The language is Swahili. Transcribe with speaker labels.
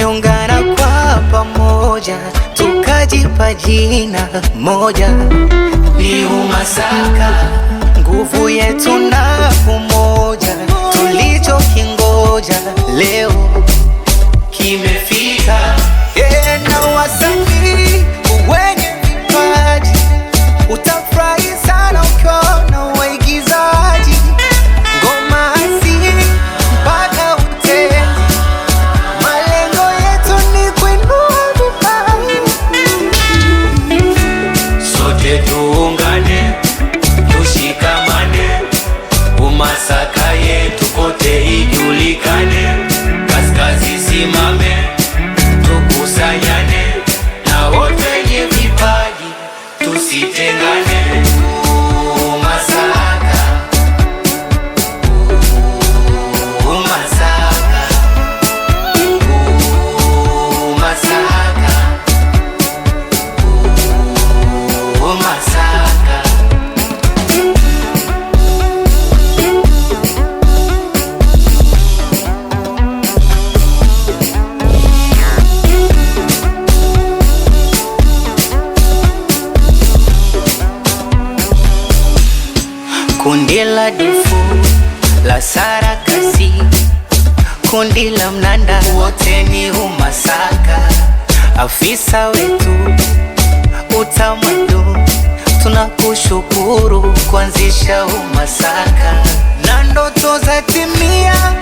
Speaker 1: tumeungana kwa pamoja, tukajipa jina moja,
Speaker 2: ni UMASAKA,
Speaker 1: nguvu yetu na umoja
Speaker 3: Usitengane
Speaker 2: Masaka, Masaka, Masaka, Masaka
Speaker 4: Kundi la dufu la sarakasi, kundi la mnanda, wote ni umasaka. Afisa wetu utamadu tunakushukuru kuanzisha umasaka
Speaker 5: na ndoto za timia